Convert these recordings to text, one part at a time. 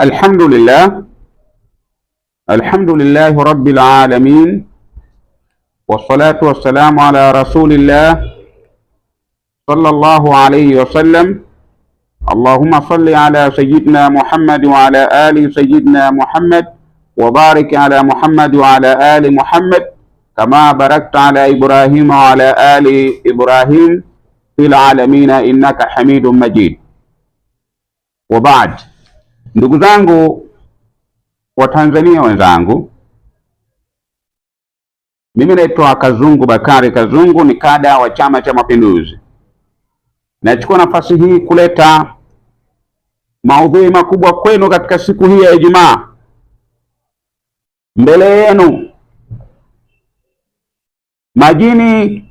الحمد لله الحمد لله رب العالمين والصلاة والسلام على رسول الله صلى الله عليه وسلم اللهم صل على سيدنا محمد وعلى آل سيدنا محمد وبارك على محمد وعلى آل محمد كما باركت على إبراهيم وعلى آل إبراهيم في العالمين إنك حميد مجيد وبعد Ndugu zangu Watanzania wenzangu, mimi naitwa Kazungu Bakari Kazungu, ni kada wa Chama cha Mapinduzi. Nachukua nafasi hii kuleta maudhui makubwa kwenu katika siku hii ya Ijumaa. Mbele yenu majini,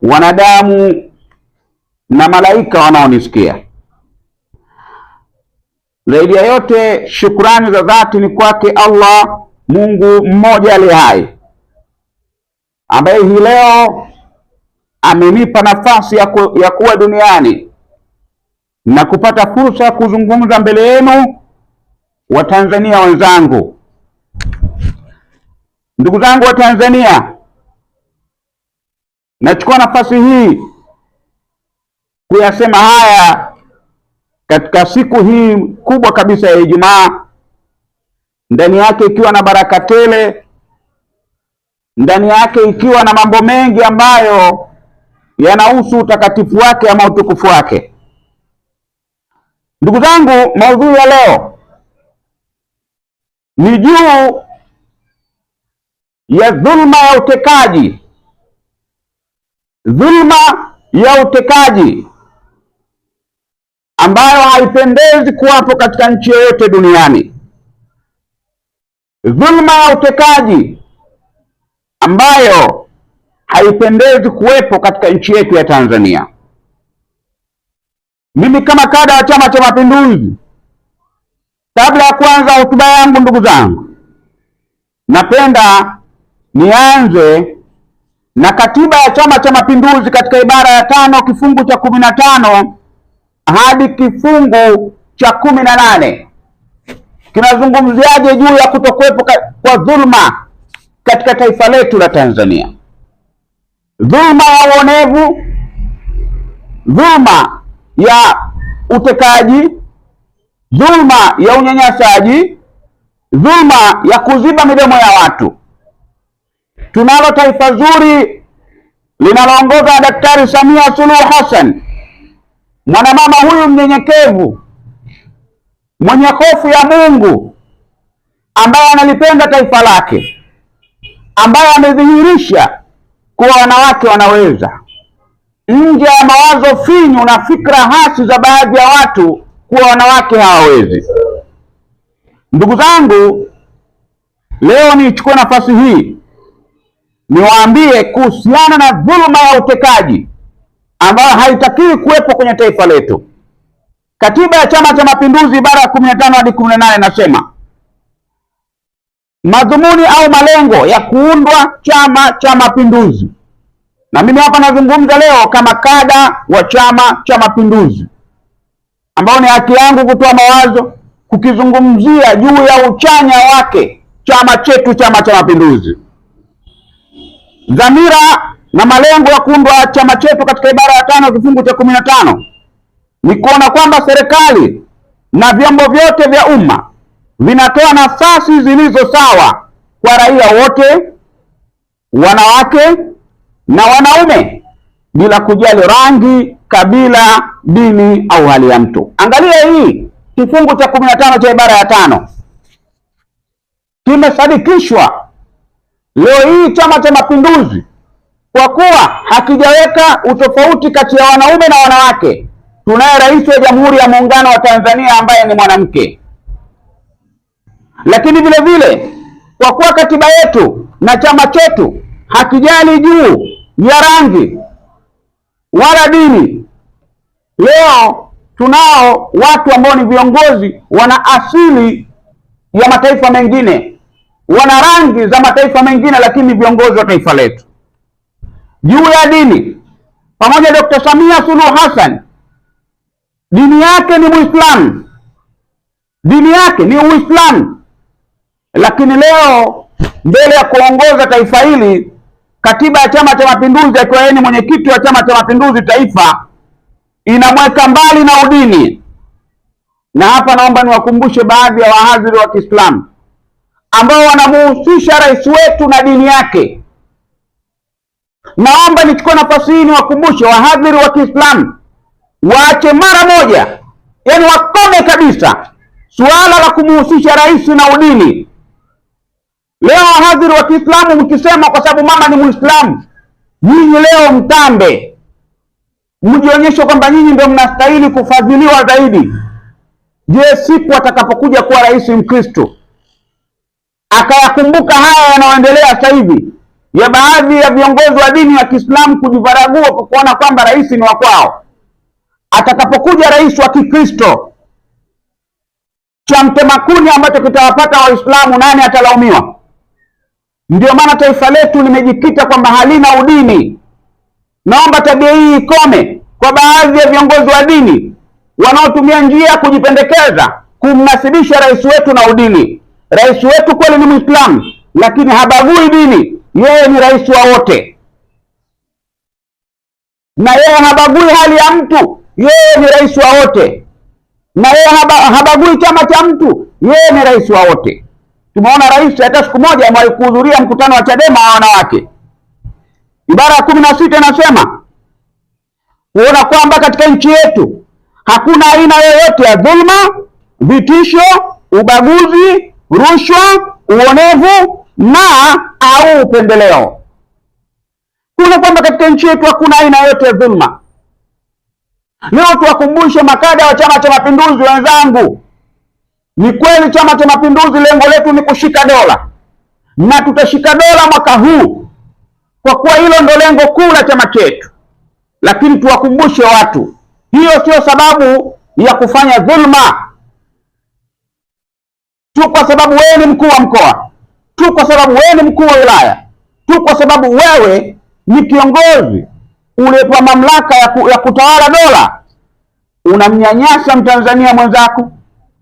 wanadamu na malaika wanaonisikia zaidi ya yote shukrani za dhati ni kwake Allah Mungu mmoja aliye hai, ambaye hii leo amenipa nafasi ya, ku, ya kuwa duniani na kupata fursa ya kuzungumza mbele yenu Watanzania wenzangu. Ndugu zangu wa Tanzania, nachukua nafasi hii kuyasema haya katika siku hii kubwa kabisa ya Ijumaa, ndani yake ikiwa na baraka tele, ndani yake ikiwa na mambo mengi ambayo yanahusu utakatifu wake ama utukufu wake. Ndugu zangu, maudhui ya leo ni juu ya dhulma ya utekaji, dhulma ya utekaji ambayo haipendezi kuwapo katika nchi yoyote duniani, dhulma ya utekaji ambayo haipendezi kuwepo katika nchi yetu ya Tanzania. Mimi kama kada wa Chama cha Mapinduzi, kabla ya kuanza hotuba yangu, ndugu zangu, napenda nianze na katiba ya Chama cha Mapinduzi katika ibara ya tano kifungu cha kumi na tano hadi kifungu cha kumi na nane kinazungumziaje juu ya kutokuwepo kwa dhulma katika taifa letu la Tanzania, dhulma ya uonevu, dhulma ya utekaji, dhulma ya unyanyasaji, dhulma ya kuziba midomo ya watu. Tunalo taifa zuri linaloongoza na Daktari Samia Suluhu Hassan Mwanamama huyu mnyenyekevu mwenye hofu ya Mungu ambaye analipenda taifa lake, ambaye amedhihirisha kuwa wanawake wanaweza, nje ya mawazo finyu na fikra hasi za baadhi ya watu kuwa wanawake hawawezi. Ndugu zangu, leo nichukue nafasi hii niwaambie kuhusiana na dhuluma ya utekaji ambayo haitakiwi kuwepo kwenye taifa letu. Katiba ya Chama cha Mapinduzi ibara ya kumi na tano hadi kumi na nane inasema madhumuni au malengo ya kuundwa Chama cha Mapinduzi, na mimi hapa nazungumza leo kama kada wa Chama cha Mapinduzi, ambao ni haki yangu kutoa mawazo kukizungumzia juu ya uchanya wake chama chetu Chama cha Mapinduzi. Dhamira na malengo ya kuundwa chama chetu katika ibara ya tano kifungu cha kumi na tano ni kuona kwamba serikali na vyombo vyote vya umma vinatoa nafasi zilizo sawa kwa raia wote, wanawake na wanaume, bila kujali rangi, kabila, dini au hali ya mtu. Angalia hii kifungu cha kumi na tano cha ibara ya tano kimesadikishwa leo hii Chama cha Mapinduzi kwa kuwa hakijaweka utofauti kati ya wanaume na wanawake. Tunaye rais wa Jamhuri ya Muungano wa Tanzania ambaye ni mwanamke, lakini vile vile kwa kuwa katiba yetu na chama chetu hakijali juu ya rangi wala dini. Leo tunao watu ambao ni viongozi, wana asili ya mataifa mengine, wana rangi za mataifa mengine, lakini viongozi wa taifa letu juu ya dini pamoja. Dr. Samia Suluhu Hassan dini yake ni Muislamu, dini yake ni Uislamu, lakini leo mbele ya kuongoza taifa hili, katiba ya Chama cha Mapinduzi, akiwa yeye ni mwenyekiti wa Chama cha Mapinduzi taifa, inamweka mbali na udini. Na hapa naomba niwakumbushe baadhi ya wahadhiri wa Kiislamu ambao wanamuhusisha rais wetu na dini yake Naomba nichukue nafasi hii niwakumbushe wahadhiri wa Kiislamu waache mara moja, yaani wakome kabisa suala la kumuhusisha rais na udini. Leo wahadhiri wa Kiislamu mkisema kwa sababu mama ni Muislamu, nyinyi leo mtambe, mjionyeshe kwamba nyinyi ndio mnastahili kufadhiliwa zaidi. Je, siku atakapokuja kuwa rais Mkristo akayakumbuka haya yanayoendelea sasa hivi ya baadhi ya viongozi wa dini ya Kiislamu kujivaragua kwa kuona kwamba rais ni wa kwao. Atakapokuja rais wa Kikristo, cha mtemakuni ambacho kitawapata Waislamu, nani atalaumiwa? Ndio maana taifa letu limejikita kwamba halina udini. Naomba tabia hii ikome kwa baadhi ya viongozi wa dini wanaotumia njia ya kujipendekeza kumnasibisha rais wetu na udini. Rais wetu kweli ni Muislamu, lakini habagui dini yeye ni rais wa wote, na yeye habagui hali ya mtu, yeye ni rais wa wote, na yeye haba, habagui chama cha mtu, yeye ni rais wa wote. Tumeona rais hata siku moja amewahi kuhudhuria mkutano wa Chadema wa wanawake. Ibara ya kumi na sita inasema kuona kwamba katika nchi yetu hakuna aina yoyote ya dhulma, vitisho, ubaguzi, rushwa, uonevu na au upendeleo. Kuna kwamba katika nchi yetu hakuna aina yote ya dhulma. Leo tuwakumbushe makada wa Chama cha Mapinduzi wenzangu, ni kweli Chama cha Mapinduzi lengo letu ni kushika dola na tutashika dola mwaka huu, kwa kuwa hilo ndo lengo kuu la chama chetu. Lakini tuwakumbushe watu, hiyo sio sababu ya kufanya dhulma tu, kwa sababu wewe ni mkuu wa mkoa tu kwa sababu wewe ni mkuu wa wilaya, tu kwa sababu wewe ni kiongozi uliyepewa mamlaka ya, ku, ya kutawala dola, unamnyanyasa mtanzania mwenzako,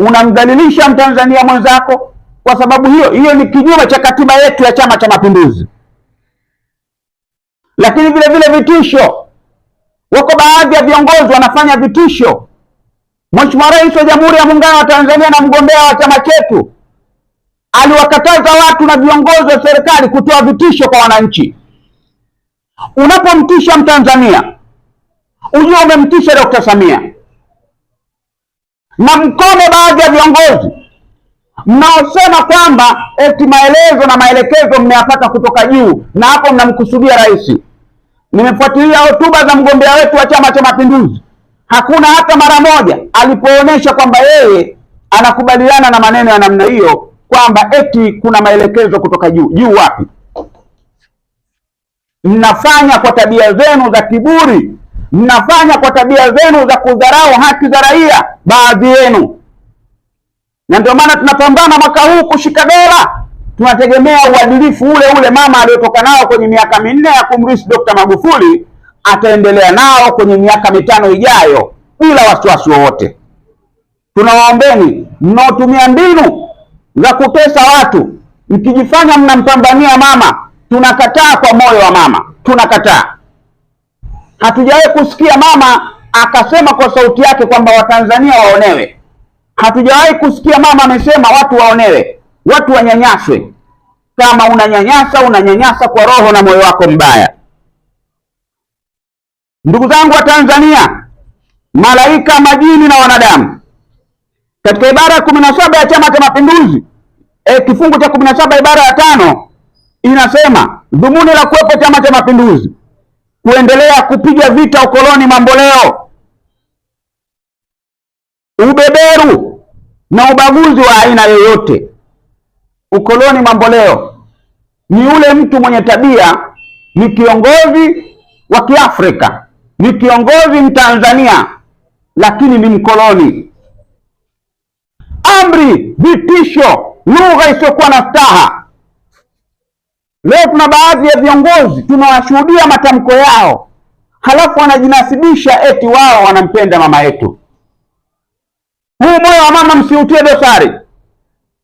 unamdhalilisha mtanzania mwenzako. Kwa sababu hiyo hiyo ni kinyume cha katiba yetu ya Chama cha Mapinduzi. Lakini vile vile vitisho, wako baadhi ya viongozi wanafanya vitisho. Mheshimiwa Rais wa Jamhuri ya Muungano wa Tanzania na mgombea wa chama chetu aliwakataza watu na viongozi wa serikali kutoa vitisho kwa wananchi. Unapomtisha Mtanzania ujue umemtisha dokta Samia na mkono baadhi ya viongozi mnaosema kwamba eti maelezo na maelekezo mmeyapata kutoka juu na hapo mnamkusudia rais. Nimefuatilia hotuba za mgombea wetu wa Chama cha Mapinduzi, hakuna hata mara moja alipoonyesha kwamba yeye anakubaliana na maneno ya namna hiyo kwamba eti kuna maelekezo kutoka juu. Juu wapi? Mnafanya kwa tabia zenu za kiburi, mnafanya kwa tabia zenu za kudharau haki za raia, baadhi yenu. Na ndio maana tunapambana mwaka huu kushika dola, tunategemea uadilifu ule ule mama aliyotoka nao kwenye miaka minne ya kumrisi Dkt. Magufuli ataendelea nao kwenye miaka mitano ijayo bila wasiwasi wowote. Tunawaombeni mnaotumia mbinu za kutesa watu, mkijifanya mnampambania mama, tunakataa kwa moyo wa mama, tunakataa. Hatujawahi kusikia mama akasema kwa sauti yake kwamba Watanzania waonewe. Hatujawahi kusikia mama amesema watu waonewe, watu wanyanyaswe. Kama unanyanyasa, unanyanyasa kwa roho na moyo wako mbaya. Ndugu zangu wa Tanzania, malaika, majini na wanadamu katika ibara ya kumi na saba ya Chama cha Mapinduzi e, kifungu cha kumi na saba ibara ya tano inasema dhumuni la kuwepo Chama cha Mapinduzi kuendelea kupiga vita ukoloni mamboleo, ubeberu na ubaguzi wa aina yoyote. Ukoloni mamboleo ni ule mtu mwenye tabia, ni kiongozi wa Kiafrika, ni kiongozi Mtanzania, lakini ni mkoloni amri, vitisho, lugha isiyokuwa na staha. Leo tuna baadhi ya viongozi tunawashuhudia matamko yao, halafu wanajinasibisha eti wao wanampenda mama yetu. Huu moyo wa mama msiutie dosari.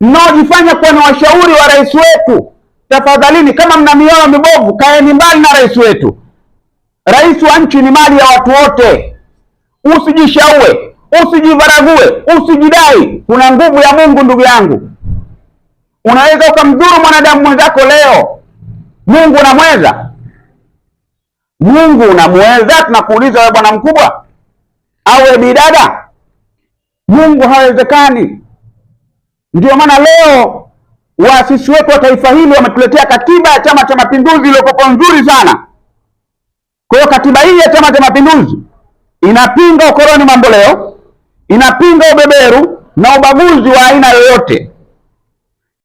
Mnaojifanya kuwa ni washauri wa rais wetu, tafadhalini, kama mna mioyo mibovu, kaeni mbali na rais wetu. Rais wa nchi ni mali ya watu wote, usijishaue usijivarague, usijidai. Kuna nguvu ya Mungu ndugu yangu. Unaweza ukamdhuru mwanadamu mwenzako leo, Mungu unamweza? Mungu unamweza? Tunakuuliza wewe bwana mkubwa au wewe bidada, Mungu hawezekani. Ndio maana leo waasisi wetu wa taifa hili wametuletea katiba ya Chama cha Mapinduzi iliyokuwa nzuri sana. Kwa hiyo katiba hii ya Chama cha Mapinduzi inapinga ukoloni mambo leo inapinga ubeberu na ubaguzi wa aina yoyote.